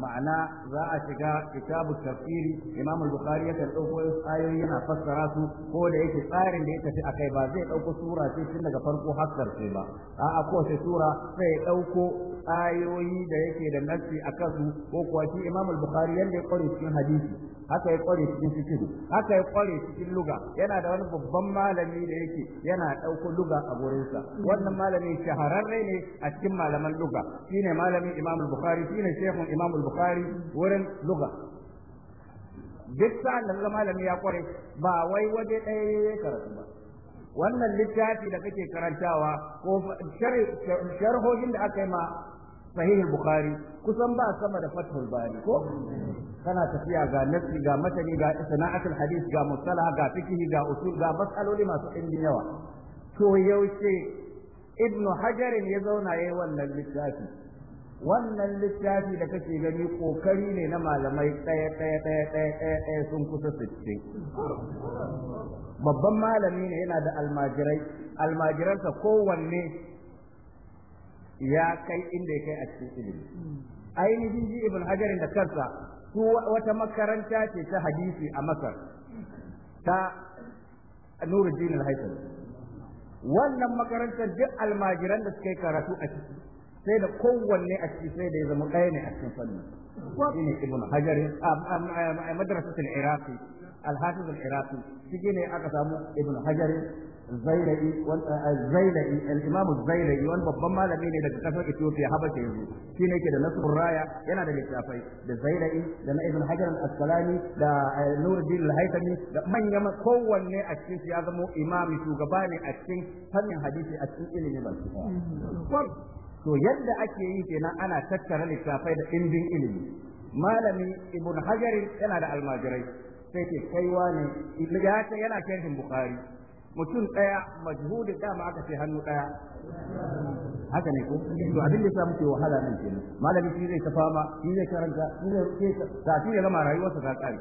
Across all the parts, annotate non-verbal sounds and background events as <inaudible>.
ma'ana za a shiga kitabu tafsiri imam al-bukhari yakan dauko ayoyi yana fassara su ko da yake tsarin da ya tafi akai ba zai dauko sura ce tun daga farko har karshe ba a'a ko sai sura sai dauko ayoyi da yake da nassi a kansu ko kuwa shi Imam al-Bukhari yanda ya kware cikin hadisi haka ya kware cikin fiqh haka ya kware cikin lugha yana da wani babban malami da yake yana dauko lugha a gurin sa wannan malami shahararre ne a cikin malaman lugha shine malamin Imam al-Bukhari shine shehun Imam al-Bukhari wurin lugha duk sa'an da malami ya kware ba wai waje ɗaya ya karatu ba wannan littafi da kake karantawa ko sharhohin da aka yi ma sahihul bukhari kusan ba sama da fathul bari ko kana tafiya ga nasi ga matani ga sana'atul hadith ga mustalah ga fikihi ga usul ga mas'aloli masu indin yawa to yaushe ibnu hajarin ya zauna yayi wannan littafi wannan littafi da kake gani kokari ne na malamai ɗaya ɗaya ɗaya ɗaya ɗaya ɗaya sun kusa sitte babban malami ne yana da almajirai almajiransa kowanne ya kai inda ya kai a cikin ilimi ainihin ji ibn hajarin da kansa wata makaranta ce ta hadisi a masar ta nuruddin al wannan makarantar duk almajiran da suka yi karatu a ciki sai da kowanne a ciki sai da ya zama ɗaya ne a cikin fannin shine ibn hajar a madrasatul iraqi al-hafiz al-iraqi shi ne aka samu ibn hajar zailai zailai al-imam yi wani babban malami ne daga kasar Ethiopia Habasha yanzu shi ne yake da Nasrul Raya yana da littafai da zaira'i da na Ibn Hajar al-Asqalani da Nuruddin al-Haythami da manya kowanne a cikin ya zama imami shugaba ne a cikin fannin hadisi a cikin ilimin ba to yadda ake yi kenan ana tattara littafai da ɗimbin ilimi malami ibn hajar yana da almajirai sai ke kaiwa ne ya ce yana sharhin bukhari mutum ɗaya majhudin dama aka ce hannu ɗaya haka ne ko to abin da yasa muke wahala nan kenan malami shi zai ta fama shi zai karanta shi zai tafi ya gama rayuwarsa ta kare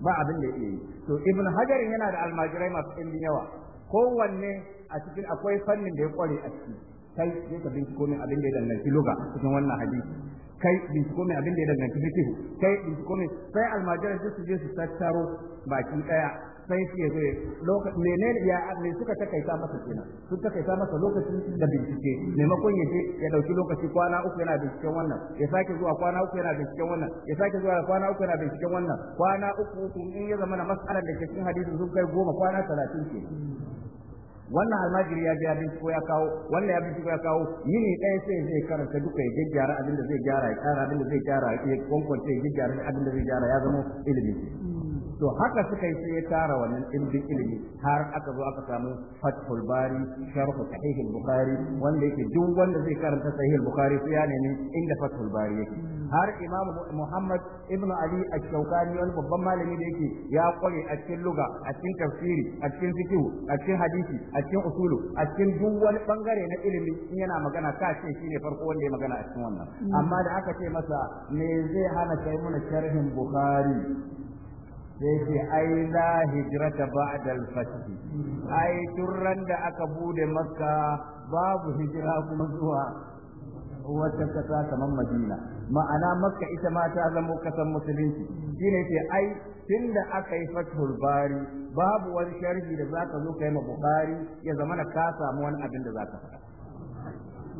ba abin da yake yi to ibn hajar yana da almajirai masu ɗimbin yawa kowanne a cikin akwai fannin da ya kware a ciki kai je ka binciko min abin da ya danganci loga cikin wannan hadisi kai binciko min abin da ya danganci fiqh kai binciko min sai almajiran su je su tattaro baki daya sai su zo lokacin menene ya ne suka takaita masa kenan su takaita masa lokacin da bincike maimakon ya je ya dauki lokaci kwana uku yana binciken wannan ya sake zuwa kwana uku yana binciken wannan ya sake zuwa kwana uku yana binciken wannan kwana uku in ya zama na mas'alar da ke cikin hadisi sun kai goma kwana talatin kenan wannan almajiri ya biya binciko ya kawo wannan ya binciko ya kawo yini ɗaya sai zai karanta duka ya gyara abin da zai gyara ya kara abin da zai gyara ya kwankwance ya gyara abin da zai gyara ya zama ilimi to haka suka yi sai ya tara wannan ɗimbin ilimi har aka zo aka samu fathul bari sharhu sahih bukhari wanda yake duk wanda zai karanta sahih bukhari sai ya nemi inda fathul bari yake har imam muhammad ibnu ali ash-shawkani wani babban malami da yake ya kware a cikin luga a cikin tafsiri a cikin fiqh a cikin hadisi a cikin usulu a cikin duk wani bangare na ilimi in yana magana ka ce shine farko wanda ya magana a cikin wannan mm. amma da aka ce masa me zai hana kai mana sharhin bukhari sai ce ai la hijrata ba'da al-fath ai turran da aka bude makka babu hijira kuma zuwa wata kasa kamar madina ma'ana makka ita ma ta zama kasan musulunci shine ce ai tunda aka yi fathul bari babu wani sharhi da zaka zo kai ma bukhari ya zama ka samu wani abin da zaka faɗa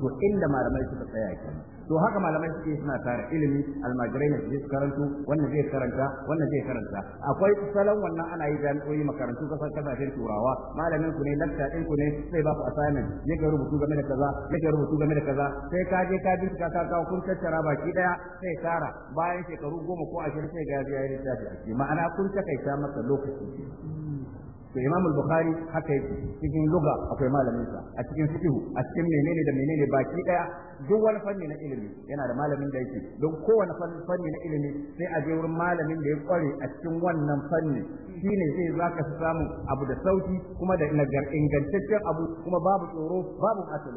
to inda malamai suka tsaya kenan to haka malamai suke suna tara ilimi almajirai ne su karantu wannan zai karanta wannan zai karanta akwai salon wannan ana yi jami'o'i makarantu kasar kasashen turawa malamin ku ne lakta din ku ne sai ba ku assignment ga rubutu game da kaza ga rubutu game da kaza sai ka je ka bincika ka kawo kun tattara baki daya sai tara bayan shekaru goma ko ashirin sai ga ya yi littafi ma'ana kun takaita masa lokaci to imam al-bukhari haka yake cikin lugha akwai malamin sa a cikin fiqh a cikin menene da menene baki daya duk wani fanni na ilimi yana da malamin da yake don kowane fanni na ilimi sai a je wurin malamin da ya kware a cikin wannan fanni shine zai zaka samu abu da sauki kuma da ingantaccen abu kuma babu tsoro babu ɓata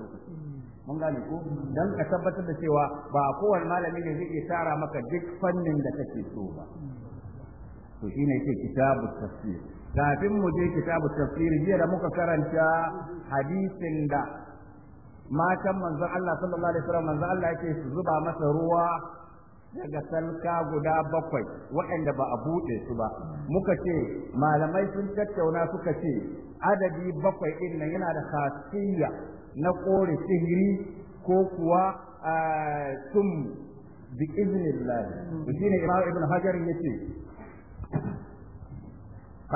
mun gane ko dan ka tabbatar da cewa ba kowane malami ne zai iya tara maka duk fannin da kake so ba to shine yake kitabu tafsir kafin mu je kitabu tafsiri jiya da muka karanta hadisin da matan manzon Allah sallallahu alaihi wasallam manzon Allah yake su zuba masa ruwa daga salka guda bakwai waɗanda ba a buɗe su ba muka ce malamai sun tattauna suka ce adadi bakwai ɗin nan yana da khasiyya na kore sihiri ko kuwa tum ah, bi iznillah shine imam ibn hajar yace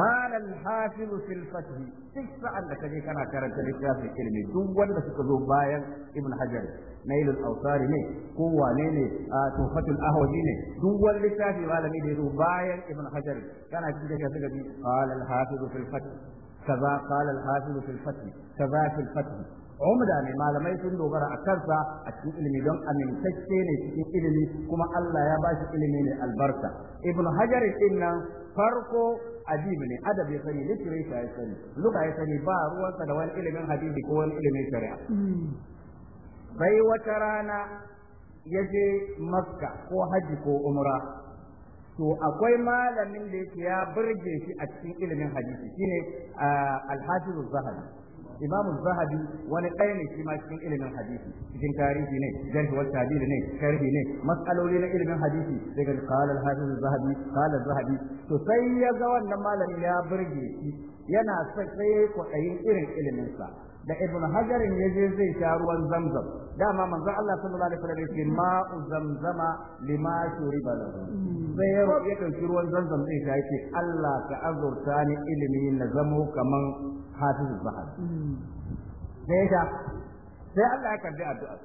قال الحافظ في الفتح duk sa'an da kaje kana karanta littafin ilimi duk suka zo bayan ibn hajar nail al ne ko wane ne a tuhfatul ne duk wani littafi malami da ya bayan ibn hajar kana cikin da suka bi qala al-hafiz fil fath kaza qala al-hafiz fil fath malamai sun dogara a kansa a cikin ilimi don amintacce ne cikin ilimi kuma Allah ya ba ilimi ne albarka ibn Hajari din farko adibi ne adabi ya litiri literature ya sani luka ya sani ba ruwansa da wani ilimin hadisi ko wani ilimin shari'a bai wata rana ya je makka ko haji ko umra to akwai malamin da yake ya burge shi a cikin ilimin hadisi shine ah, al-hafiz imamu zahabi wani ɗaya ne shi ma cikin ilimin hadisi cikin tarihi ne jarhi wa tabi'i ne sharhi ne mas'aloli na ilimin hadisi daga qala al-hafiz zahabi qala zahabi to sai ya ga wannan malami ya burge shi yana sai kwaɗayin irin iliminsa da ibn hajarin ya je zai sha ruwan zamzam dama manzon Allah sallallahu alaihi wasallam yake ma zamzama lima shuriba lahu sai ya roƙi kan ruwan zamzam zai sha yake Allah ka azurta ni ilimi na zamo kaman hafiz bahar hmm. sai ya sai Allah ya karbi addu'a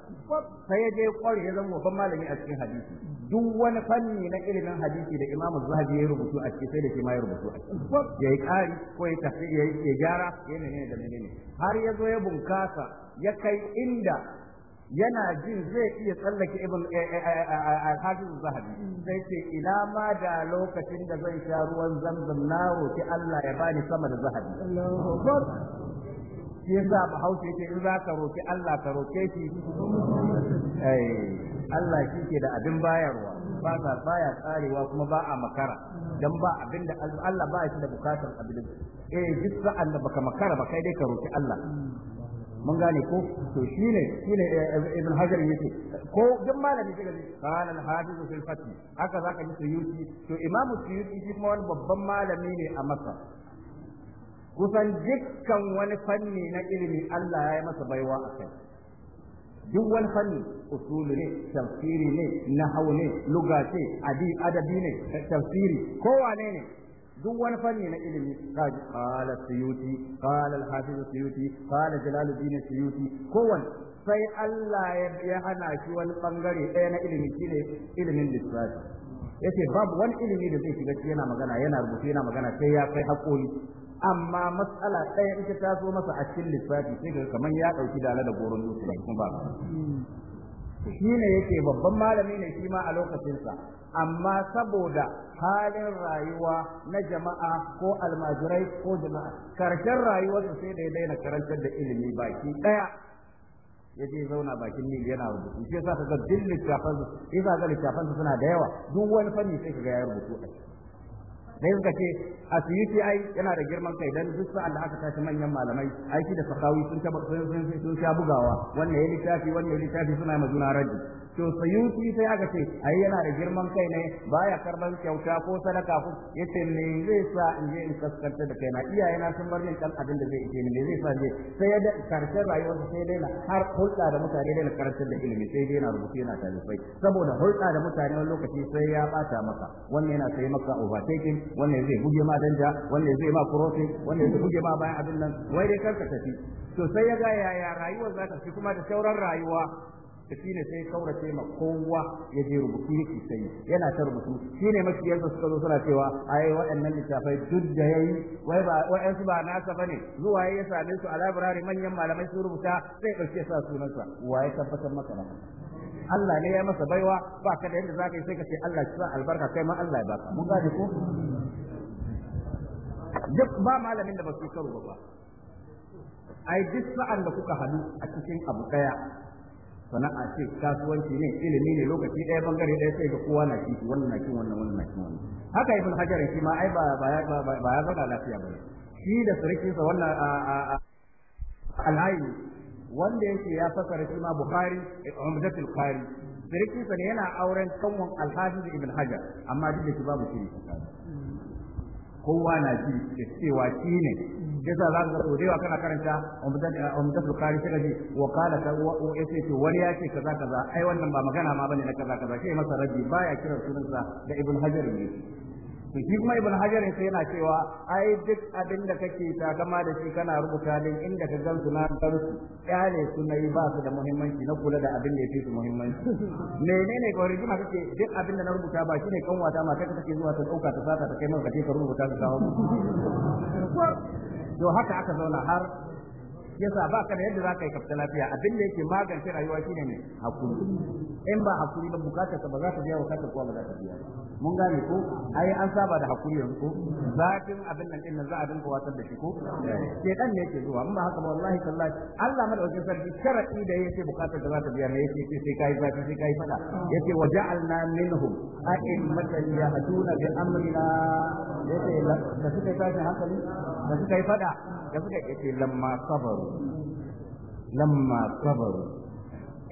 sai ya je kware ya zama babban malami a cikin hadisi duk wani fanni na ilimin hadisi da Imam Zahabi ya rubutu a cikin sai da shi ma ya rubutu a cikin ya yi ƙari ko ya tafi ya gyara yana ne da menene har ya zo ya bunkasa ya kai inda yana jin zai iya tsallake ibn al-hafiz eh, eh, eh, zahabi sai ce ila ma da lokacin da zai sha ruwan zamzam na roki Allah ya bani sama da zahabi shi yasa bahaushe yake in za ka roki Allah ka roke shi Allah shi ke da abin bayarwa ba sa baya tsarewa kuma ba a makara dan ba abin da Allah ba shi da bukatar abin eh duk sa'an da baka makara ba kai dai ka roki Allah mun gane ko to shi ne eh, eh, ibn hajar yake ko duk malami sai gaji qala al hafiz fil fath haka zaka ji suyuti to imam suyuti shi kuma wani babban malami ne a Makka. kusan dukkan wani fanni na ilimi Allah ya yi masa baiwa a kai duk wani fanni usulu ne tafsiri ne nahau ne luga ce adabi ne tafsiri kowane ne duk wani fanni na ilimi kaji kala suyuti kala alhafi da suyuti biyu jalaluddin suyuti kowane sai Allah ya hana shi wani bangare ɗaya na ilimi shine ilimin lissafi yace babu wani ilimi da zai shiga yana magana yana rubutu yana magana sai ya kai haƙoli amma matsala ɗaya ita ta so masa a cikin lissafi sai ga kamar ya ɗauki dala da goron dutse da kuma ba shi ne yake babban malami ne shi ma a lokacinsa amma saboda halin rayuwa na jama'a ko almajirai ko jama'a karshen rayuwarsa sai da ya daina karantar da ilimi baki ɗaya ya je zauna bakin nil yana rubutu shi yasa kaga duk littafan su yasa ga littafan suna da yawa duk wani fanni sai kaga ya rubutu a sai suka ce a yi ai yana da girman kai don duk sa'an da aka tashi manyan malamai aiki da sakawi sun taba sun bugawa wannan ya littafi wannan ya littafi suna yi juna rajin to sayuti sai aka ce ai yana da girman kai ne baya karban kyauta ko sadaka ko yace me zai sa in je in kaskanta da kaina na sun bar min kan abin da zai yi ne me zai sa je sai ya karshen rayuwar sai dai har hulɗa da mutane dai karantar da ilimi sai dai na rubutu yana talifai saboda hulɗa da mutane wani lokaci sai ya bata maka wannan yana sai maka overtaking wannan zai buge ma danja wannan zai ma crossing wannan zai buge ma bayan abin nan wai dai karka tafi to sai ya ga yaya rayuwar za ta fi kuma da sauran rayuwa shine sai kaurace ma kowa ya je rubutu yake sai yana ta rubutu shine makiyar da suka zo suna cewa ai waɗannan littafai duk da yayi wai ba su ba nasa bane zuwa ya same su a library manyan malamai su rubuta sai dauke sa sunansa waye tabbatar maka na? Allah ne ya masa baiwa ba ka da yadda za yi sai ka ce Allah ya sa albarka kai ma Allah ya baka mun gane ko duk ba malamin da ba su karu ba ai duk sa'an da kuka hadu a cikin abu daya sana'a ce kasuwanci ne ilimi ne lokaci ɗaya bangare ɗaya sai ga kowa na kishi wannan na kin wannan wannan na kin wannan haka ibn hajar shi ma ai ba ba ba ya zaga lafiya ba shi da sa wannan al'ayi wanda yake ya fasara shi ma bukhari umdatul qari sa ne yana auren kanwan alhaji ibn hajar amma duk da shi babu shi kowa na ji cewa shi ne yasa za ka so wa kana karanta umdatul eh, qari sai kaje wa ta ka wa yace to wani ya ce kaza kaza ai wannan ba magana ma bane na kaza kaza sai masa ba ya kiran sunansa da ibn hajar ne to shi kuma ibn hajar sai yana cewa ai duk abin da kake ta gama da shi kana rubuta din inda ka gansu na gansu kyale su yi ba su da muhimmanci na kula da abin da yake su muhimmanci <laughs> menene ga rigima kake duk abin da na rubuta ba shine kanwata ma kai take zuwa ta dauka ta saka ta kai maka ka rubuta ka kawo to haka aka zauna har yasa ba ka da yadda za ka yi kafta lafiya abin da yake magance rayuwa shine ne hakuri in ba hakuri ba bukatar ka ba za ta biya bukatar kuwa ba za ta biya mun gane ko ai an saba da hakuri yanzu ko zakin abin nan din nan za a dinka watsar da shi ko shedan ne yake zuwa amma haka wallahi tallahi Allah madaukakin sarki sharadi da yake bukatar da za ta biya ne yake sai kai zafi sai kai fada yake waja'alna minhum a'immatan yahduna bi amrina yake da suka yi tashin hankali da suka yi fada da suka yake lamma sabaru lamma sabaru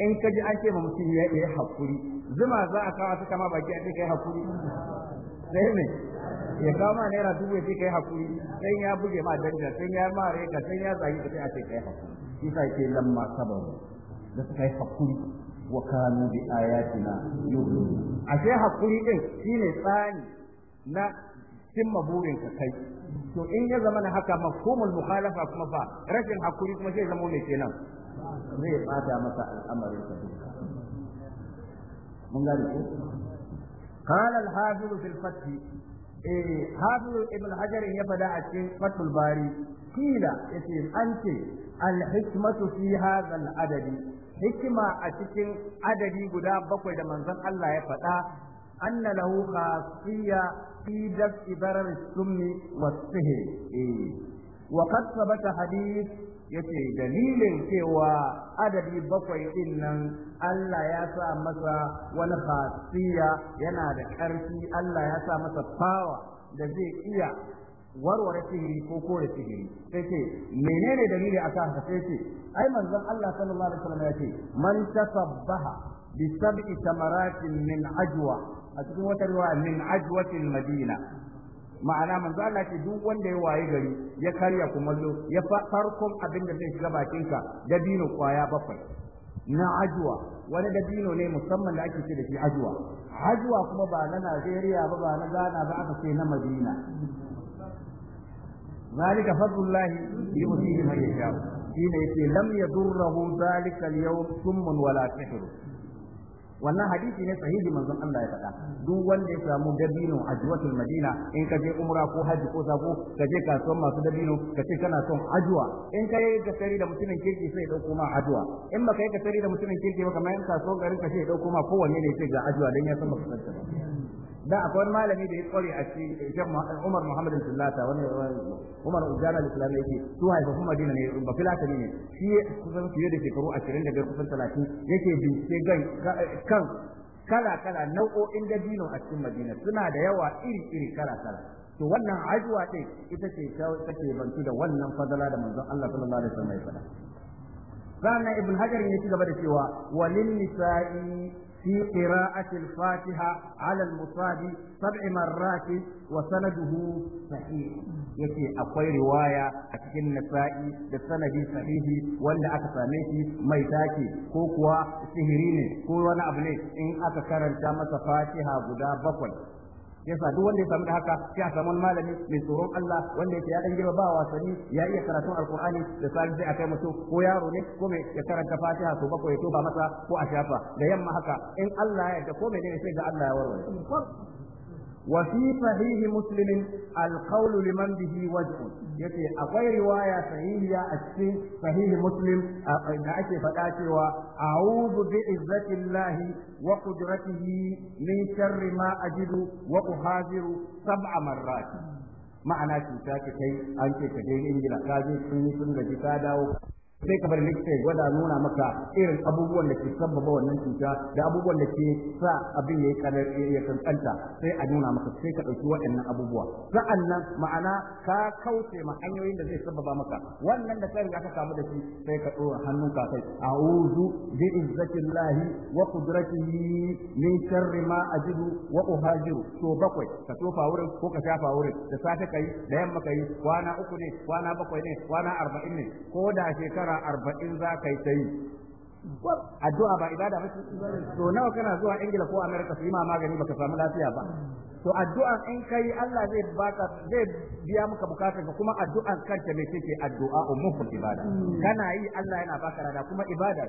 in ka ji an ce ma mutum ya yi hakuri zuma za a kawo suka ma baki a ce kai hakuri sai ne ya kawo ma naira dubu ya ce kai hakuri sai ya buge ma danja sai ya mare ka sai ya zagi ka sai a ce kai hakuri isa ke lamma sabaru da suka yi hakuri wa kanu bi ayatina A ashe hakuri din shine tsani na cimma burin ka kai to in ya zama na haka mafhumul muhalafa kuma fa rashin hakuri kuma sai zama ne kenan zai bata masa al'amarin ka duka mun gane ko kana al fil fath eh ibn hajar ya fada a cikin fathul bari yace an ce al-hikmatu fi adadi Hikima a cikin adadi guda bakwai da manzon Allah ya faɗa. anna lahu khasiyya fi dabbi barar sunni wa sahih wa qad sabata hadith yace dalilin cewa adadi bakwai din nan Allah ya sa masa wani khasiyya yana da ƙarfi Allah ya sa masa fawa da zai iya warware sihiri ko kore sihiri sai ce menene dalili a kan sai ce ai manzon Allah sallallahu alaihi wasallam ya ce man tasabbaha bi sab'i tamaratin min ajwa a cikin wata riwaya min ajwatil madina ma'ana manzo Allah ce duk wanda ya waye gari ya karya kumallo ya farkon abin da zai shiga bakinka dabino kwaya bakwai na ajuwa wani dabino ne musamman da ake ce da shi ajuwa ajuwa kuma ba na Najeriya ba ba na Ghana ba aka ce na Madina zalika fadlullahi yu'tihi man yasha shine yake lam yadurruhu zalika al-yawm summun wala sihrun wannan hadisi ne sahihi manzon Allah ya faɗa duk wanda ya samu dabino a juwatul madina in ka je umra ko haji ko sako ka je kasuwar masu dabino ka ce kana son ajuwa in ka yi kasari da mutumin kirki sai dauko ma ajuwa in baka yi kasari da mutumin kirki ba kamar yan kasuwar garin ka sai dauko ma kowanne ne ce ga ajuwa dan ya san baka san ba da akwai wani malami da ya kware a cikin Umar Muhammad Sullata wani Umar Ujana al-Islam yake su haifafun Madina ne ba filatani ne shi kusan fiye da shekaru da kusan 30 yake bincike kan kala kala nau'o'in dabino a cikin Madina suna da yawa iri iri kala kala to wannan ajuwa din ita ce take bantu da wannan fadala da manzon Allah sallallahu alaihi wasallam ya faɗa sannan ibn hajar ya ci gaba da cewa walin nisa'i في قراءة الفاتحة على المصاب سبع مرات وسنده صحيح yake akwai riwaya a cikin nasa'i da sanadi sahihi wanda aka same shi mai take ko kuwa sihiri ne ko wani abu ne in aka karanta masa fatiha guda bakwai yasa duk wanda ya samu da haka ya a samu malami mai tsoron Allah wanda yake ya dan girma ba wasanni ya iya karatun alkur'ani da sai sai akai mutum ko yaro ne ko mai ya karanta Fatiha ko bako ya tuba masa ko a shafa da yamma haka in Allah ya yarda ko menene sai ga Allah ya warware وفي صحيح مسلم القول لمن به وجه yace akwai riwaya sahihiya a cikin sahihi muslim da ake faɗa cewa a'udhu bi izzatillahi wa qudratihi min a ma ajidu wa uhaziru sab'a ma'ana cuta ta kai an ce ka je Ingila ka je sun yi sun gaji ta dawo sai ka bar likita ya gwada nuna maka irin abubuwan da ke sabbaba wannan cuta da abubuwan da ke sa abin ya ya kankanta sai a nuna maka sai ka ɗauki waɗannan abubuwa sa'annan ma'ana ka kauce ma hanyoyin da zai sabbaba maka wannan da kai aka samu da shi sai ka ɗora hannunka kai a'udhu bi izzatillahi wa qudratihi min sharri ma ajidu wa uhajiru to bakwai ka tofa wurin ko ka shafa wurin da safe kai da yamma kai kwana uku ne kwana bakwai ne kwana arba'in ne ko da shekara shekara arba'in za ka yi ta yi addu'a ba ibada ba ce to nawa kana zuwa ingila ko amerika su yi ma magani baka samu lafiya ba to addu'a in ka yi Allah zai baka zai biya maka bukatar ka kuma addu'a kanta mai take addu'a ummu ibada kana yi Allah yana baka rada kuma ibada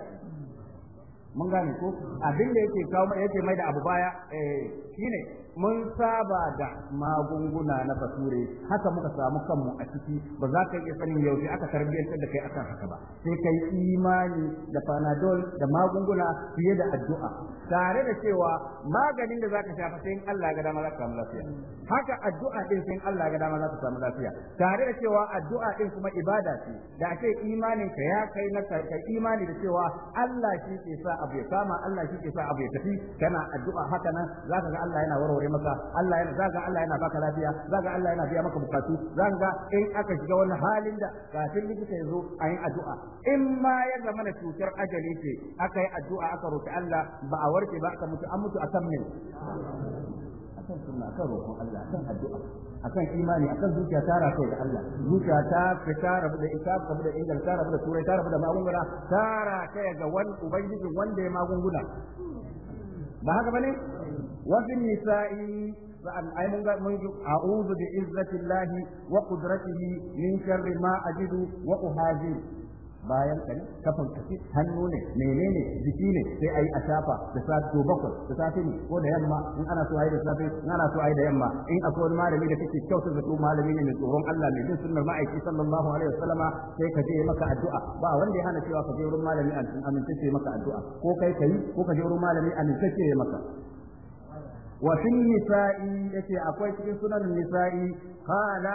mun gane ko abin da yake kawo yake mai da abu baya eh shine mun saba da magunguna na bature haka muka samu kanmu a ciki ba za ka iya sanin yaushe aka tarbiyyantar da kai akan haka ba sai kai imani da panadol da magunguna fiye da addu'a tare da cewa maganin da zaka shafa sai in Allah ga dama za ka samu lafiya haka addu'a din sai in Allah ga dama za ka samu lafiya tare da cewa addu'a din kuma ibada ce da ake imanin ka ya kai na ka imani da cewa Allah shi ke sa abu ya kama Allah shi ke sa abu ya tafi kana addu'a haka nan zaka ga Allah yana warware maka Allah yana zaga Allah yana baka lafiya zaga Allah yana biya maka bukatu zaga in aka shiga wani halin da kafin likita ya zo a yi addu'a in ma ya zama na cutar ajali ce aka yi addu'a aka roki Allah ba a warke ba aka mutu an mutu akan min akan sunna akan roƙon Allah akan addu'a akan imani akan zuciya ta rafe da Allah zuciya ta fita rabu da ita rabu da ingal ta rabu da turai ta rabu da magunguna ta rafe ga wani ubangiji wanda ya magunguna ba haka bane وفي النساء ai mun ga mun izzatillahi wa qudratihi min sharri ma bayan ka kafan hannu ne menene jiki ne sai ai asafa da safi bakwai da safi ne ko da yamma in ana so ai da safi in ana so ai da yamma in akwai wani malami da kake kyauta da su malami ne mai tsoron Allah mai bin sunnar ma'aiki sallallahu alaihi wasallama sai ka je maka addu'a ba wanda ya hana cewa ka je wurin malami an amince maka addu'a ko kai kai ko ka je wurin malami amince maka wa fil nisa'i yace akwai cikin sunan nisa'i qala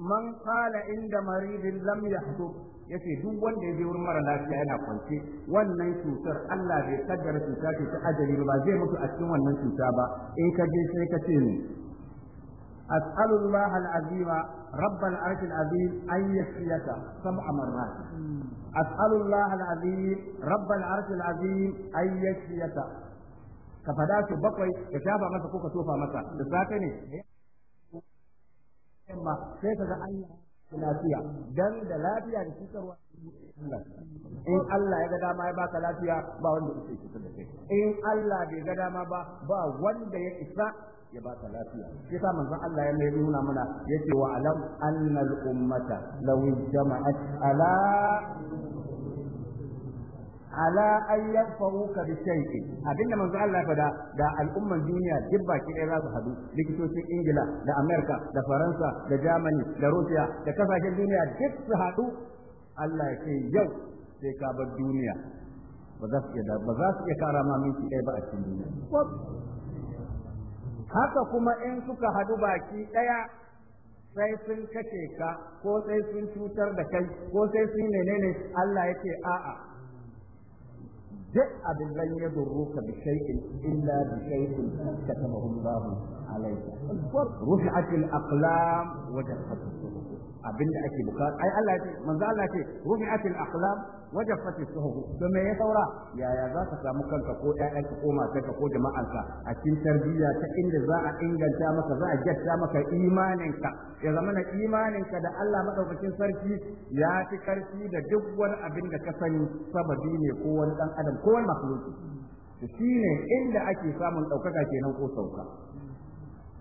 man qala inda maridin lam yahduk yace duk wanda ya je wurin mara lafiya yana kwance wannan cutar Allah bai kaddara cuta ce ta ajali ba zai mutu a cikin wannan cuta ba in ka je sai ka ce ni as'alullah al-azima Rabbal al-arsh al-azim an yashfiyaka sab'a marrat hmm. as'alullah al-azim Rabbal al-arsh al-azim an yashfiyaka ka fada su bakwai ka shafa masa ko ka tofa masa da safe ne yamma sai ka ga Allah lafiya dan da lafiya da cutarwa in Allah ya ga dama ya baka lafiya ba wanda yake cutar da kai in Allah bai ga dama ba ba wanda ya isa ya ba baka lafiya shi sa manzon Allah ya mai nuna mana yace wa alam annal ummata law jama'at ala ala an yanfa'uka bi shay'in abinda manzo Allah fada da al'umman duniya duk baki ɗaya za su hadu likitocin Ingila da Amerika da Faransa da Germany da Russia da kasashen duniya duk su hadu Allah ya ce yau sai ka bar duniya ba za su iya ba za su iya kara ma minti ɗaya ba a cikin duniya haka kuma in suka hadu baki ɗaya sai sun kace ka ko sai sun cutar da kai ko sai sun menene Allah ya ce a'a duk abin lan ya duru ka bi shay'in illa bi shay'in katamahu alaika alayka ake aqlam wajen jaffatu Abin da ake bukata ai Allah ya ce manzo Allah ya ce rufi'atil aqlam wajaffati suhuf to me ya saura yaya za ka samu kanka ko ka ko ka ko jama'anka a cikin tarbiyya ta inda za a inganta maka za a jatta maka imaninka ya zama na imaninka da Allah madaukakin sarki ya fi karfi da duk wani abin da ka sani sababi ne ko wani dan adam ko wani makhluki shine inda ake samun ɗaukaka kenan ko sauka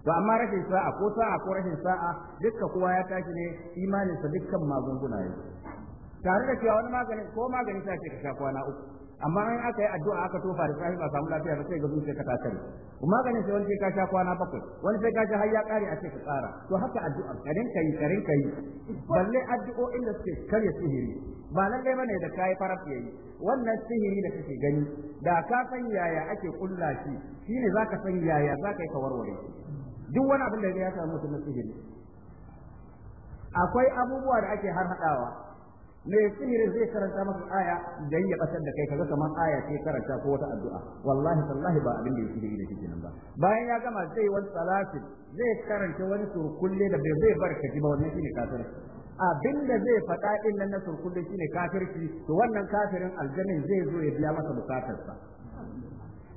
to amma rashin sa'a ko sa'a ko rashin sa'a dukka kowa ya tashi ne imaninsa dukkan magunguna yake tare da cewa wani magani ko magani sa ce ka sha kwana uku amma in aka yi addu'a aka tofa da sahiba ba samu lafiya ba sai ga zuciya ka ta kare maganin sai wani sai ka sha kwana bakwai wani sai ka sha har ya kare a ce ka tsara to haka addu'a karin kai karin kai balle addu'o'in da suke karya sihiri ba lallai bane da kai faraf yayi wannan sihiri da kake gani da ka san yaya ake kulla shi shine zaka san yaya zaka yi ka duk wani abin da ya samu mutum sihiri akwai abubuwa da ake har hadawa mai sihiri zai karanta maka aya dan ya kasar da kai kaga kamar aya ce karanta ko wata addu'a wallahi tallahi ba abin da ya da shi nan ba bayan ya gama zai wani salatin zai karanta wani surkulle da bai zai bar ka ji ba wannan shine kafir Abin da zai faɗa ɗin nan na shi shine kafirci to wannan kafirin aljannin zai zo ya biya masa bukatarsa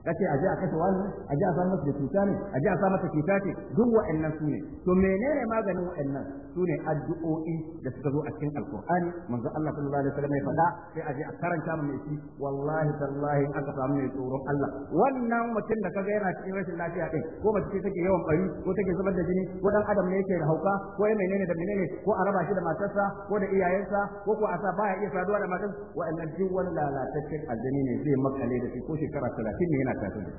kace aje a kashe wani aje a samu da cuta ne aje a samu masa cuta ce duk wa'annan su ne to menene maganin wa'annan su ne addu'o'i da suka zo a cikin alqur'ani manzo Allah sallallahu alaihi wasallam ya faɗa sai aje a karanta mu shi wallahi tallahi aka samu ne tsoron Allah wannan mutum da kaga yana cikin rashin lafiya din ko mace ce take yawan bari ko take zubar da jini ko dan adam ne yake hauka ko ya menene da menene ko a raba shi da matarsa ko da iyayensa ko ko a sa baya iya saduwa da matarsa wa'annan duk wani lalataccen aljani ne zai makale da shi ko shekara 30 ne yana tafi da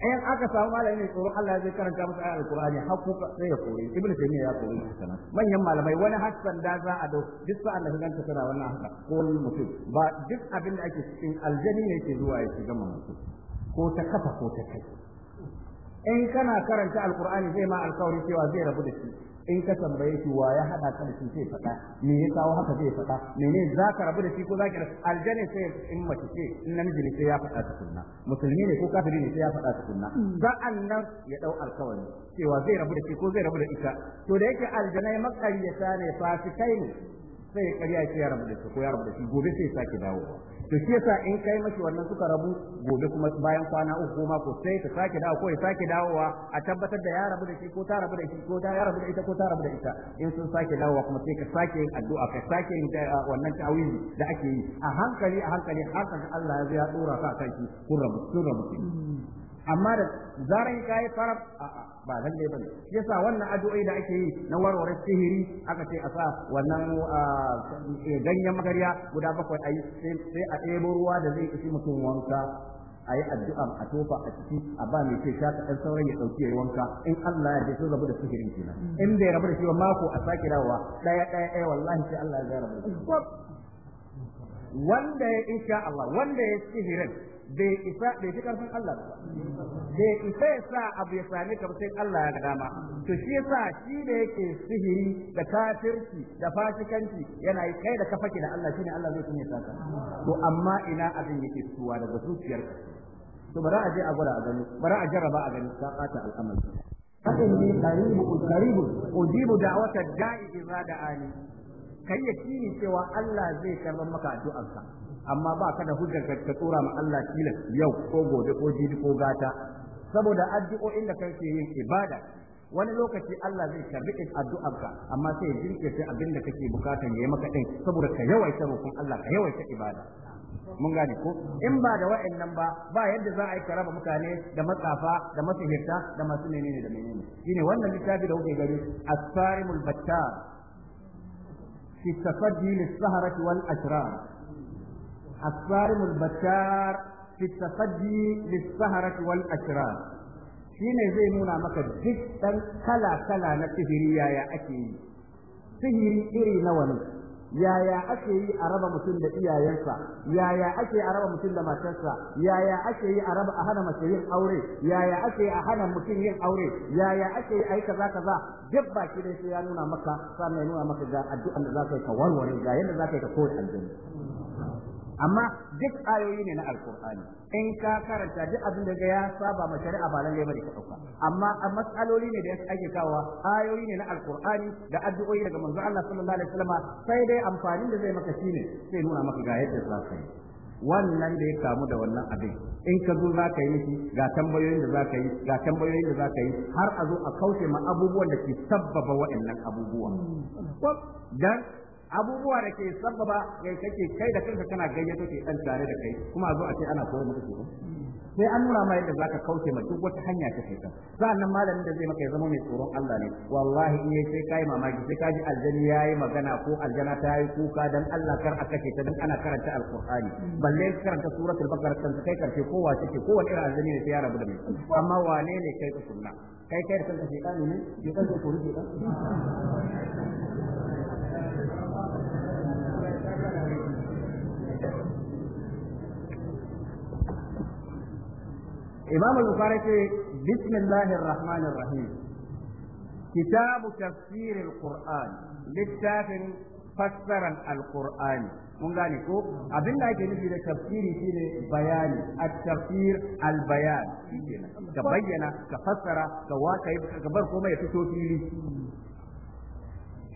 ayan aka samu malami ne tsoro Allah zai karanta masa ayatul Qur'ani hakuka sai ya kore ibnu taymiya ya kore shi sanan manyan malamai wani hassan da za a dau duk sa da ganta tana wannan haka ko wani mutum ba duk abin da ake cikin aljani ne ke zuwa ya shiga mutum ko ta kafa ko ta kai in kana karanta alqur'ani zai ma alkawari cewa zai rabu da shi in ka tambaye shi wa ya hada ka da shi zai faɗa me ya kawo haka zai faɗa menene za ka rabu da shi ko za ki aljanna sai in mace ce in namiji ne sai ya faɗa tukunna musulmi ne ko kafiri ne sai ya faɗa kunna. za nan ya dau alkawari cewa zai rabu da shi ko zai rabu da ita to da yake aljanna ya makariyata ne fasikai ne sai ya karya ce ya rabu da shi ko ya rabu da shi gobe sai ya sake dawowa to shi yasa in kai mashi wannan suka rabu gobe kuma bayan kwana uku ko mako sai ka sake dawo ko ya sake dawowa a tabbatar da ya rabu da shi ko ta rabu da shi ko rabu da ita ko ta rabu da ita in sun sake dawowa kuma sai ka sake yin addu'a ka sake yin ah, wannan ta'awili da ake yi a hankali a hankali har Allah ya zai ya dora ka kai ku rabu ku rabu hmm. amma da zaran ka yi farab a'a ba lalle bane yasa wannan addu'o'i da ake yi na warware sihiri aka ce a sa wannan eh, ganyen magarya guda bakwai ayi sai a ɗebo ruwa da zai isi mutum wanka a yi addu'a a tofa a ciki a ba mai ce shaka ɗan sauran ya ɗauki ya wanka in Allah ya sun rabu da sihirin kenan in bai rabu da shi mako a sake dawowa ɗaya ɗaya ɗaya wallahi sai Allah ya rabu da shi wanda ya insha Allah wanda ya sihirin bai isa bai fi karfin Allah ba bai isa ya sa abu ya sami ka sai Allah ya dama to shi ya sa shi da yake sihiri da kafirci da fasikanci yana yi kai da kafake da Allah shine Allah zai kunya saka to amma ina abin yake fitowa daga zuciyarka to bara a je a gwada a gani bara a jarraba a gani ka kata al'amari hakan ne qaribu qaribu ujibu da'wata da'i idza da'ani kai yakini cewa Allah zai karban maka addu'arka amma ba ka da hujjar ka tsora ma Allah tilas yau ko gobe ko jibi ko gata saboda addu'o'in da kake yin ibada wani lokaci Allah zai karbi addu'arka amma sai jinke sai abin da kake ya yi maka din saboda ka yawaita roƙon Allah ka yawaita ibada mun gane ko in ba da wa'annan ba ba yadda za a yi karaba mutane da matsafa da masihirta da masu menene da menene shine wannan littafi da kuke gari as-sarimul battar fi tafaddi lis-sahrati wal ashrar الصارم البشار في التفدي للسهرة والأشرار shine zai nuna maka duk ɗan kala-kala na sihiri yaya ake yi sihiri iri nawa ne yaya ake yi a raba mutum da iyayensa yaya ake a raba mutum da matarsa yaya ake yi a raba a hana mace yin aure yaya ake a hana mutum yin aure yaya ake yi ai kaza kaza duk baki dai sai ya nuna maka sannan ya nuna maka ga addu'an da za ka yi ka warware ga yadda za ka yi ka kore aljanna amma duk ayoyi ne na alkur'ani in ka karanta duk abin da ya saba ma shari'a ba lalle bane ka dauka amma a matsaloli ne da ake kawo ayoyi ne na alkur'ani da addu'o'i daga manzo Allah sallallahu alaihi wasallam sai dai amfanin da zai maka shine sai nuna maka ga yadda za ka yi wannan da ya kamu da wannan abin in ka zo za ka yi miki ga tambayoyin da za ka yi ga tambayoyin da za ka yi har a zo a kaushe ma abubuwan da ke sabbaba wa'annan abubuwa mm. dan abubuwa da ke sababa ya kake kai da kanka kana gayyato ke dan tare da kai kuma a zo a ce ana koyar maka kenan sai an nuna ma yadda zaka kauce ma duk wata hanya ta kai sa'annan malamin da zai maka ya zama mai tsoron Allah ne wallahi in sai kai mamaki sai kaji aljani yayi magana ko aljana ta yi kuka dan Allah kar a kace ta dan ana karanta alqur'ani balle karanta suratul baqara kan kai karfe kowa take irin aljani ne sai ya rabu da mai amma wane ne kai ka sunna kai kai kanka shaytani ne shaytan ko rubuta imam al-bukhari ce bismillahir rahmanir rahim kitabu tafsiril Kur'an, littafin fassaran al-qur'ani mun gane ko abin da ake nufi da tafsiri shine bayani at-tafsir al-bayan ka bayyana ka fassara ka waka ka bar komai ya fito fili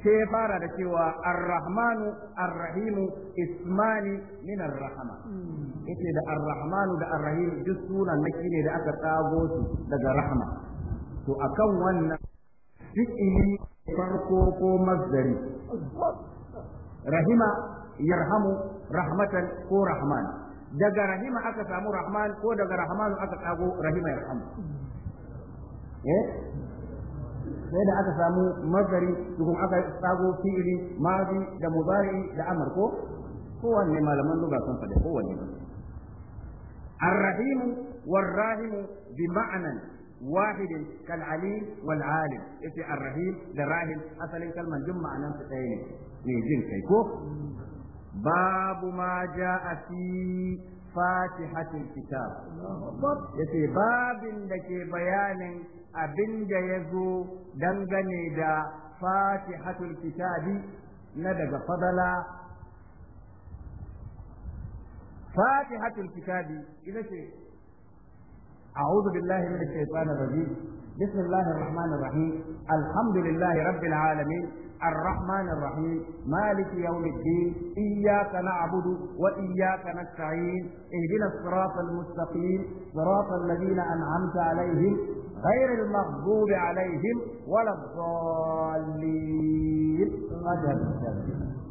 sai ya fara da cewa ar-rahmanu ar-rahimu ismani min ar-rahama yace da ar-rahmanu da ar-rahim duk sunan naki ne da aka tsago su daga rahama to akan wannan fi'ili farko ko mazari. rahima yarhamu rahmatan ko rahman daga rahima aka samu rahman ko daga rahmanu aka tsago rahima yarhamu eh sai da aka samu mazari tukun aka tsago fi'ili mazi da muzari da amar ko kowanne malaman lugha sun faɗi kowanne الرحيم والراحم بمعنى واحد كالعليم والعالم اسم الرحيم للراحم أصل كلمة جمع نفس تاني نيجين كيكو باب ما جاء في فاتحة الكتاب يتي باب لكي بيان abin da ya zo dangane da fatihatul kitabi na daga fadala fatihatul kitabi ita ce أعوذ بالله من الشيطان الرجيم بسم الله الرحمن الرحيم الحمد لله رب العالمين الرحمن الرحيم مالك يوم الدين إياك نعبد وإياك نستعين اهدنا الصراط المستقيم صراط الذين أنعمت عليهم غير المغضوب عليهم ولا الضالين غدر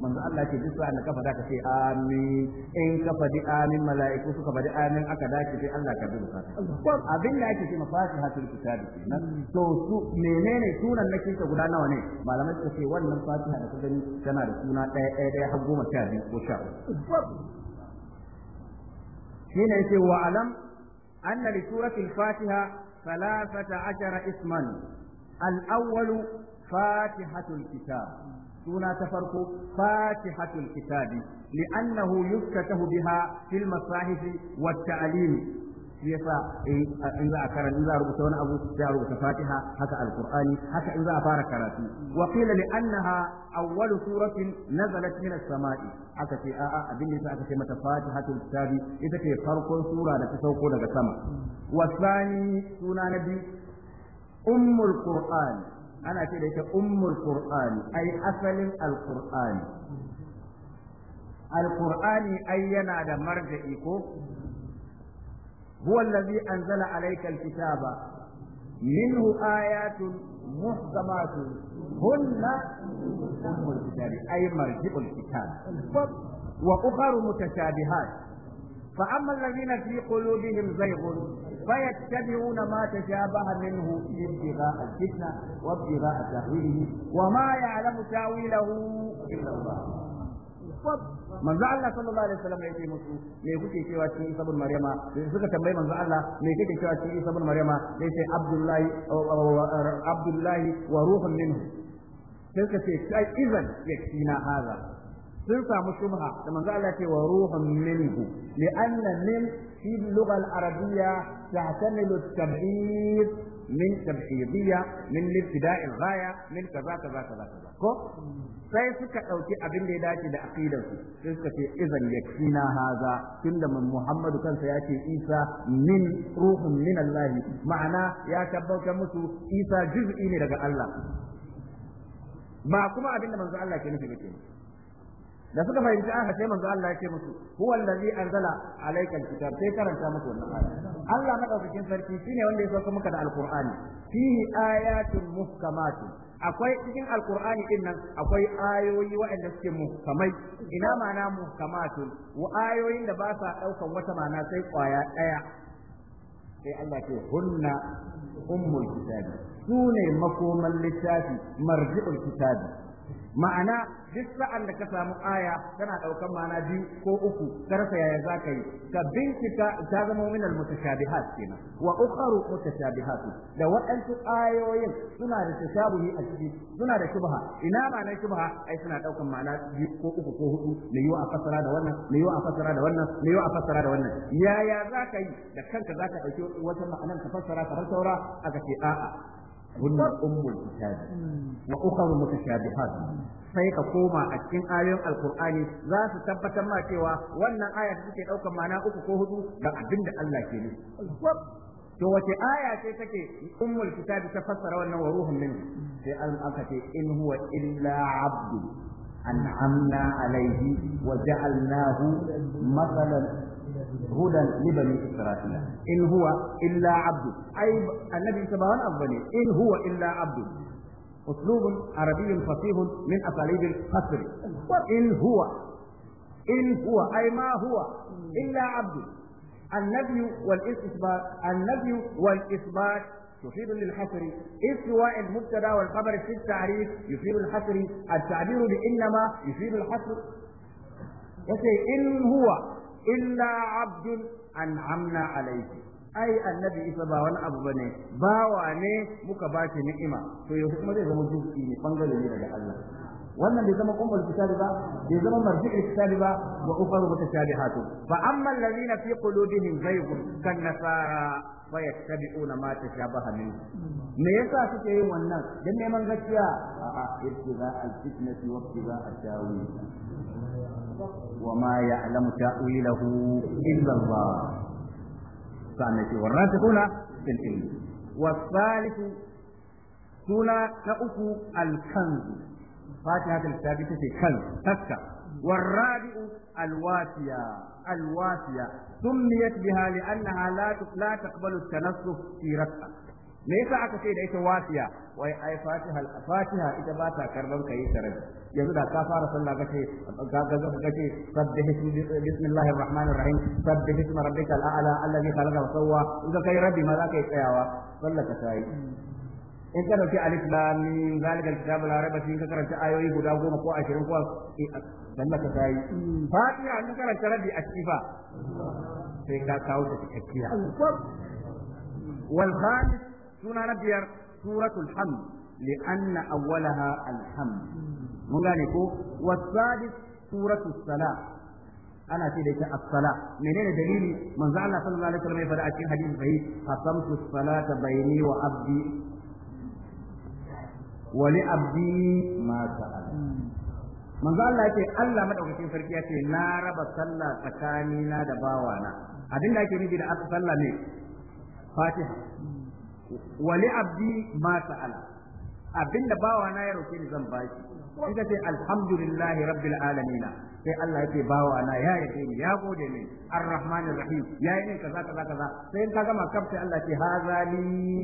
من قال لك جزء أن كفى في آمين إن كفى آمين ملائكة كفى آمين أكذاك في الله كبير قال أبين لك في مفاتيح الكتاب تو سو سونا لك في وني ما لم تكفي ولا مفاتيح هذا الكتاب كنا سونا ايه ايه, إيه حبوما كذي وشاء حين يقول وعلم أن لسورة الفاتحة ثلاثة عشر اسما الأول فاتحة الكتاب سنة تفرق فاتحة الكتاب لأنه يفتتح بها في المصاحف والتعليم shi yasa in za a karanta in za a rubuta wani abu sai a rubuta fatiha haka alqur'ani haka in za a fara karatu wa qila li annaha awwalu suratin nazalat min as-sama'i aka ce a'a abin da aka ce mata fatihatul kitabi ita ce farkon sura da ta sauko daga sama wa sani suna na biyu ummul qur'an ana ce da ita ummul qur'an ai asalin alqur'ani alqur'ani ai yana da marja'i ko هو الذي أنزل عليك الكتاب منه آيات محكمات هن أم الكتاب أي مرجع الكتاب وأخر متشابهات فأما الذين في قلوبهم زيغ فيتبعون ما تشابه منه ابتغاء الفتنة وابتغاء تأويله وما يعلم تأويله إلا الله manzo Allah sallallahu alaihi wasallam yake musu me kuke cewa cikin Isa ibn Maryama sai suka tambaye manzo Allah me kake cewa cikin Isa ibn Maryama sai sai Abdullahi Abdullahi wa ruhun minhu sai ka ce kai izan yakina haza sun samu shubha da manzo Allah ce wa ruhun minhu li anna min fi lugha al-arabiyya ta'tamilu at-tab'id min tab'idiyya min ibtida'i al-ghaya min kaza kaza kaza ko sai suka ɗauki abin da ya dace da aqidar su sai suka ce izan yakina haza tunda Muhammadu kansa ya ce Isa min ruhun min Allah ma'ana ya tabbatar musu Isa juz'i ne daga Allah ba kuma abin da manzo Allah ke nufi ba kenan da suka fahimci aka sai manzo Allah ya ce musu huwa allazi anzala alayka alkitab sai karanta musu wannan aya Allah madaukakin sarki shine wanda ya sauka maka da alqur'ani fihi ayatun muhkamatun akwai cikin alkur'ani din nan akwai ayoyi waɗanda suke kamai ina ma'ana muhkamatun wa ayoyin da ba sa ɗaukan wata mana sai kwaya ɗaya sai Allah ce hunna ummul kitabi su ne makoman littafi marji'ul kitabi ma'ana duk sa'an da ka samu aya tana ɗaukan ma'ana biyu ko uku karsa yaya za ka yi ka bincika ta zama min al-mutashabihat kenan wa ukharu mutashabihat da waɗansu ayoyin suna da tashabuhi a ciki suna da shubha ina ma'anar shubha ai suna ɗaukan ma'ana biyu ko uku ko hudu ne yiwa a fasara da wannan ne yiwa a fasara da wannan ne yiwa a fasara da wannan yaya za ka yi da kanka za ka ɗauki wata ma'anar ka fassara kamar saura aka ce a'a hunna ummul kitabi wa ukharu sai ka koma a cikin ayoyin alkur'ani za su tabbatar ma cewa wannan aya da take daukar ma'ana uku ko hudu ga abin da Allah ke nufi to wace aya ce take ummul kitabi ta fassara wannan wa ruhun min sai an aka ce in huwa illa abdu an'amna alaihi wa ja'alnahu masalan هدى لبني إسرائيل إن هو إلا عبد أي النبي سبحان أفضل إن هو إلا عبد أسلوب عربي فصيح من أساليب القصر إن هو إن هو أي ما هو إلا عبد النبي والإثبات النبي والإثبات يفيد للحصر استواء المبتدا والخبر في التعريف يفيد الحصر التعبير بانما يفيد الحصر يقول ان هو illa abdun an'amna alayhi ai annabi isa ba wani abu bane bawa ne muka ba shi ni'ima to yanzu kuma zai zama juz'i ne bangare ne daga Allah wannan bai zama kumbul kitabi ba bai zama marji'ul kitabi ba wa ukhra mutashabihatu fa amma alladhina fi qulubihim zayghun kan nasara fayattabi'una ma tashabaha minhu me yasa suke yin wannan dan neman gaskiya a'a ibtiza al-fitnati wa ibtiza at-tawil وما يعلم تأويله إلا الله سامتي والراسخون في العلم والثالث سنة نأكو الكنز فاتحة الكتاب تسي كنز تسكى والرابع الوافية الوافية سميت بها لأنها لا لا تقبل التنصف في رفعه me yasa aka ce da ita wasiya wai ai fatiha fatiha ita ba ta karban kai tarabi yanzu da ka fara sallah kace ga ga ga kace sabbih bismillahir rahmanir rahim sabbih isma rabbikal a'la allazi khalaqa wa sawwa in kai rabbi ma za ka yi tsayawa sallah ka tayi in ka dauki alif lam mim zalikal kitabu la raiba in ka karanta ayoyi guda goma ko 20 ko eh, sallah ka tayi fatiha in karanta rabbi asifa sai ka kawo ta cikakkiya wal khamis suna na biyar suratul hamd li'anna awwalaha alham. mun gane ko wasadis suratul sala ana ce da ita as-sala menene dalili manzo Allah sallallahu alaihi wasallam ya faɗa a cikin hadisi sahih qasamtu as-salata bayni wa abdi wa li abdi ma sa'ala manzo Allah yake Allah madaukakin sarki yake na raba sallah tsakanina da bawana abinda ake nufi da as-sallah ne Fatiha Wali abdi ma sa'ala abinda bawa na ya roke ni zan bashi ita ce alhamdulillah rabbil alamin sai Allah yake bawa na ya yabe ni ya gode ni arrahmanir rahim ya yi kaza kaza kaza sai ka gama kafta Allah ce hazali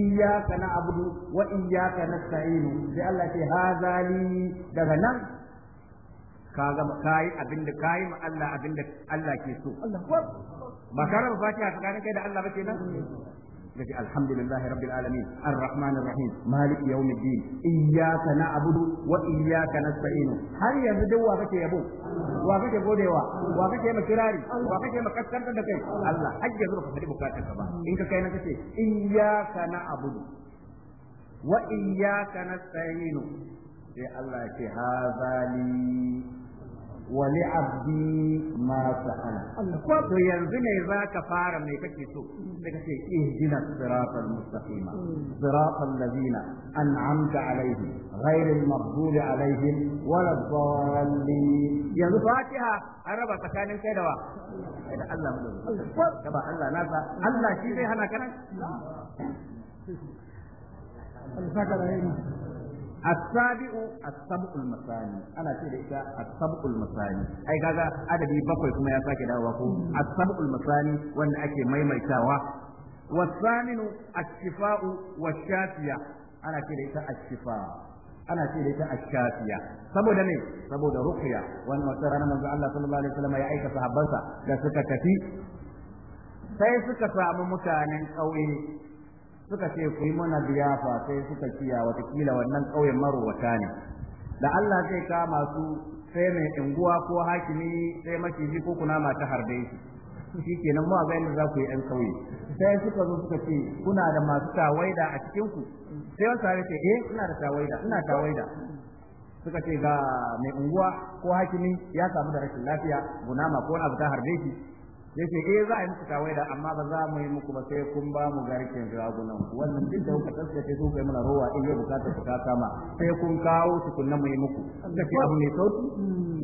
iyyaka na'budu wa iyyaka nasta'in sai Allah ce hazali daga nan ka gama kai abinda kai ma Allah abinda Allah ke so ba ka raba fatiha tsakanin kai da Allah ba kenan kace alhamdulillahi rabbil alamin arrahmanir rahim maliki yawmiddin iyyaka na'budu wa iyyaka nasta'in har yanzu duk wa kake yabo wa kake godewa wa kake makirari wa kake makaskantar da kai Allah har yanzu baka fadi bukatar ba in ka kai na wa sai Allah ke hazali Wali abdi ma sa'ala to yanzu ne zaka fara mai kake so sai kace ihdinas siratal mustaqim hmm. siratal ladina an'amta alaihim ghayril maghdubi alaihim waladdallin yanzu fatiha an raba tsakanin kai da wa da Allah mu Ka ba Allah na sa? Allah shi zai hana kana السابع السبع المثاني انا ce da ita السبع المثاني ai kaga adadi bakwai kuma ya sake dawowa ko السبع المثاني wanda ake maimaitawa والثامن الشفاء والشافية ana ce da ita الشفاء ana ce da ita ashafiya saboda me saboda ruqya wani wata rana manzo Allah sallallahu alaihi wasallam ya aika sahabbansa da suka tafi sai suka samu mutanen ƙauye suka ce ku yi mana biyafa sai suka ciya watakila wannan ƙauyen marowata ne da Allah zai kama su sai mai unguwa ko hakimi sai maciji ko kunama ta harbe shi shi kenan mu ga yadda za ku yi ɗan ƙauye sai suka zo suka ce kuna da masu tawaida a cikin ku sai wasu tare ce eh ina da tawaida ina tawaida suka ce ga mai unguwa ko hakimi ya samu da rashin lafiya gunama ko wani abu ta harbe shi Yake eh za a yi wai da amma ba za mu yi muku ba sai kun ba mu garken ragunan wannan duk da kuka tsaka su kai mana rowa in ya bukata ku ta kama. sai kun kawo su kun mu yi muku da ke abu mai sauki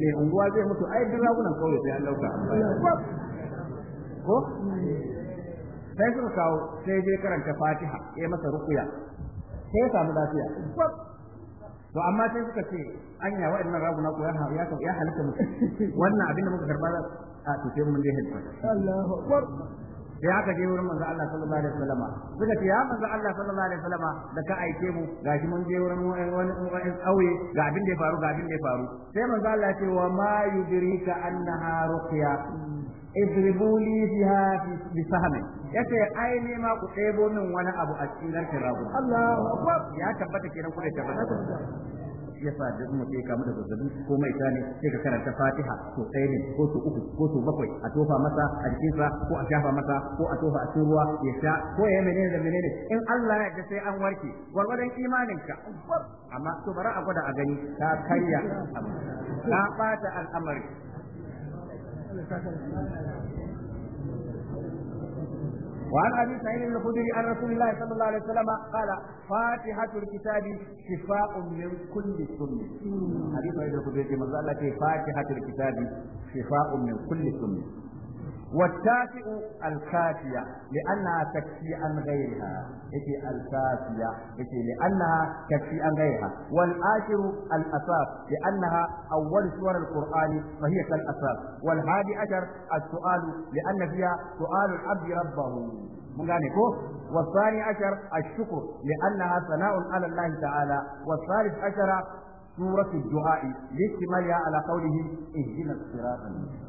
ne unguwa zai mutu ai duk ragunan kawai sai an dauka ko sai suka kawo sai je karanta fatiha ya masa rukuya sai ya samu lafiya to amma sai suka ce anya wa'annan raguna ko ya halitta mutum. wannan abin da muka karba a to sai mun je headquarters Allahu akbar sai aka je wurin manzo Allah sallallahu alaihi wasallama suka ce ya manzo Allah sallallahu alaihi da ka aike mu shi mun je wurin wani wani auye ga abin da ya faru ga abin da ya faru sai manzo Allah ya ce wa ma yudrika annaha ruqya idribu li bi sahmi yace ai ne ma ku ɗebo min wani abu a cikin garkin rago Allahu akbar ya tabbata kenan ku da tabbata ya sa da mu sai kamu da zazzabi ko mai tani sai ka karanta Fatiha to sai ne ko su uku ko su bakwai a tofa masa a jikinsa ko a shafa masa ko a tofa a cikin ruwa ya sha ko ya menene da menene in Allah ya ga sai an warke gwargwadon imaninka amma to bara a gwada a gani ka karya ka bata al'amari وعن ابي سعيد الخدري عن رسول الله صلى الله عليه وسلم قال فاتحه الكتاب شفاء من كل سم ابي سعيد الخدري كما قال فاتحه الكتاب شفاء من كل سم والتاسع الكافية لأنها تكفي عن غيرها إتي الكافية إتي لأنها تكفي عن غيرها والعاشر الأساس لأنها أول سور القرآن فهي كالأساس والحادي عشر السؤال لأن فيها سؤال العبد ربه مغانيكو والثاني عشر الشكر لأنها ثناء على الله تعالى والثالث عشر سورة الدعاء لاشتمالها على قوله اهدنا الصراط المستقيم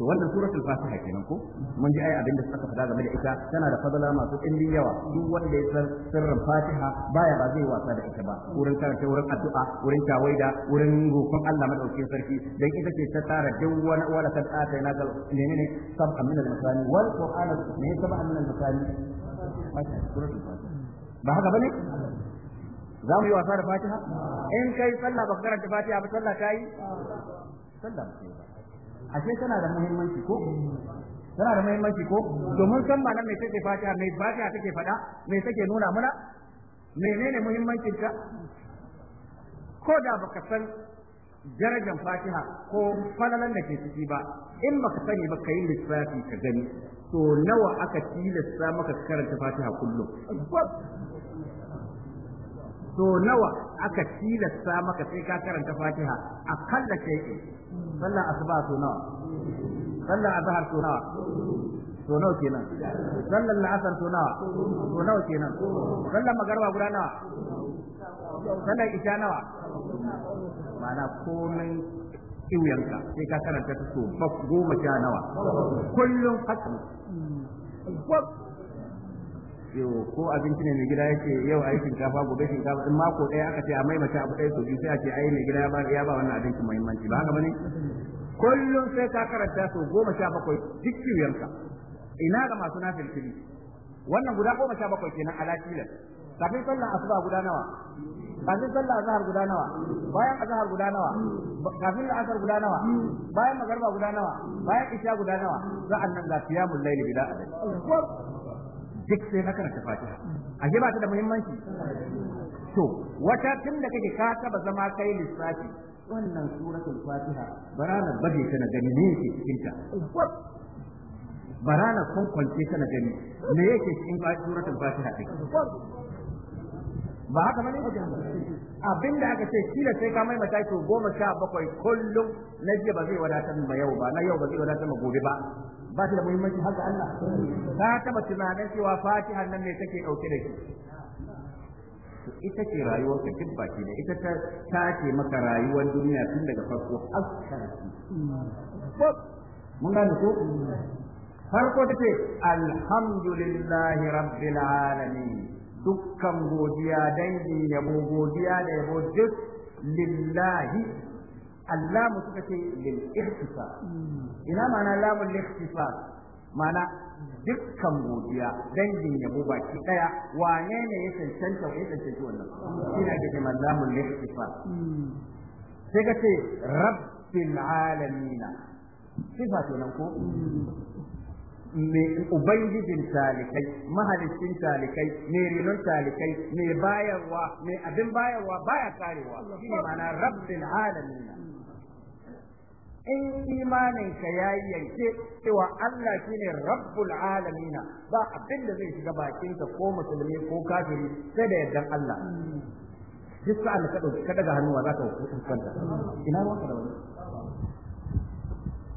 to wannan suratul fatiha kenan ko mun ji ai abin da suka faɗa game da ita tana da fadala masu ɗimbin yawa duk wanda ya san sirrin fatiha baya ba zai wasa da ita ba wurin karanta wurin addu'a wurin tawaida wurin roƙon Allah madaukakin sarki dan ita ce ta tara duk wani wala kad atayna kal menene sab'a min al-masani wal qur'an ne sab'a min al-masani suratul fatiha ba haka bane za mu yi wasa da fatiha in kai sallah ba karanta fatiha ba sallah ta sallah ba ashe tana da muhimmanci ko tana da muhimmanci ko domin san malam mai take fatiha mai fatiha take fada mai take nuna mana menene muhimmancin ta ko da baka san darajar fatiha ko falalan da ke ciki ba in baka sani ba kai lissafi ka gani to nawa aka tilasta maka karanta fatiha kullum so nawa aka tilasta maka sai ka karanta fatiha a kalla shay'in sallar asuba so nawa sallar azhar so nawa so nawa kenan sallan la'asar so nawa so nawa kenan sallan magarba guda nawa sallan isha nawa Mana komai kiwuyanka sai ka karanta ta so goma sha nawa kullum haka yau ko abinci ne mai gida yake yau a yi shinkafa gobe shinkafa in mako ɗaya aka ce a mace abu ɗaya su sai a ce a yi mai gida ya ba wannan abinci muhimmanci ba haka bane kullum sai ka karanta su goma sha bakwai duk kiwiyanka ina ga masu nafil kiri wannan guda goma sha bakwai kenan a lafiyar kafin sallar asuba guda nawa kafin a azhar guda nawa bayan azhar guda nawa kafin la'asar guda nawa bayan magarba guda nawa bayan isha guda nawa nan ga qiyamul layli bila adad duk sai na karanta fatiha ashe ba ta da muhimmanci to wata tun da kake ka taba zama kai lissafi wannan suratul fatiha barana baje ta na gani ne yake cikin ta barana kun kwance ta na gani me yake cikin suratul fatiha take ba haka bane abinda aka ce kila sai ka maimaita ki goma sha bakwai kullum na jiya ba zai wadatar ma yau ba na yau ba zai wadatar ma gobe ba ba shi da muhimmanci haka Allah ka taba tunanin cewa fatihan nan ne take dauke da shi ita ce rayuwarka duk baki da ita ta tace maka rayuwar duniya tun daga farko har mun gane ko farko tace alhamdulillahi rabbil alamin dukkan godiya dangin yabo godiya da yabo duk lillahi allamu suka ce lil ihtifa ina ma'ana lamun lil ihtifa ma'ana dukkan godiya dangin yabo baki daya wane ne ya cancanta ya cancanta wannan ina ga jama'a lamun lil ihtifa sai ka ce rabbil alamin sifa kenan ko ubangijin talikai mahalicin talikai mai renon talikai mai bayarwa mai abin bayarwa baya karewa shine mana rabbil alamin in imaninka ya yanke cewa Allah shine rabbul alamin ba abin da zai shiga bakinka ko musulmi ko kafiri sai da yardan Allah duk sa'an ka dauki ka daga hannuwa zaka hukunta ina ruwanka da wani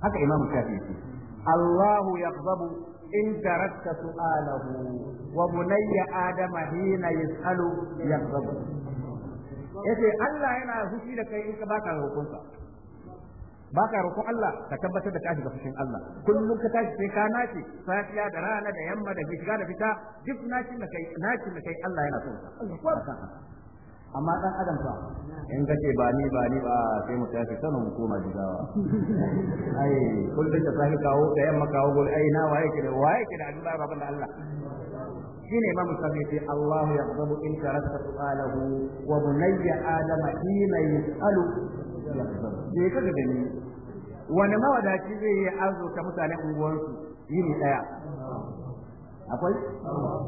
haka imamu shafi'i الله يغضب إن تركت سؤاله وبني آدم حين يسأل يغضب Allah yana fushi da kai in ka baka roƙonsa baka Allah ka tabbatar da ka ga fushin Allah kullum ka tashi sai ka nace safiya da rana da yamma da shiga da fita duk nacin da kai kai Allah yana son ka amma dan adam fa in ka ce ba ni ba ni ba sai mu tafi kano mu koma jigawa <laughs> ai kullum da sahi kawo da yamma kawo gol ai na waye ke da waye ke da Allah rabban Allah shine imam sabi sai Allah ya ghadabu in taraka su'alahu wa bunayya adama hina yas'alu sai kaga gani wani mawadaci zai yi arzuta mutanen unguwarsu yini daya akwai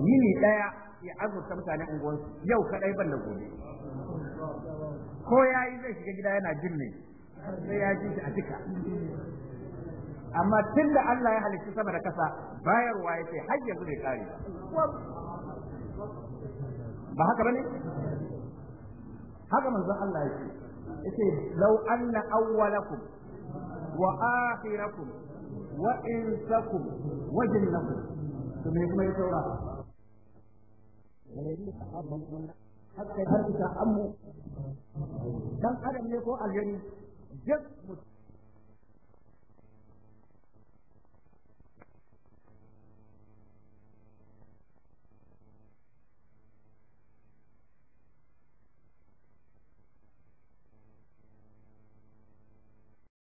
yini daya ya azurta mutanen unguwarsu yau kadai ban da gobe ko ya yi zai shiga gida yana jin ne sai ya ji shi a cika. amma tun da Allah ya halitta sama da kasa bayarwa ya ce har yanzu bai kare ba haka bane haka manzon Allah ya ce yace law anna awwalakum wa akhirakum wa insakum wa jinnakum to me kuma ya saura har sai har isa ammu dan adam ne ko aljani duk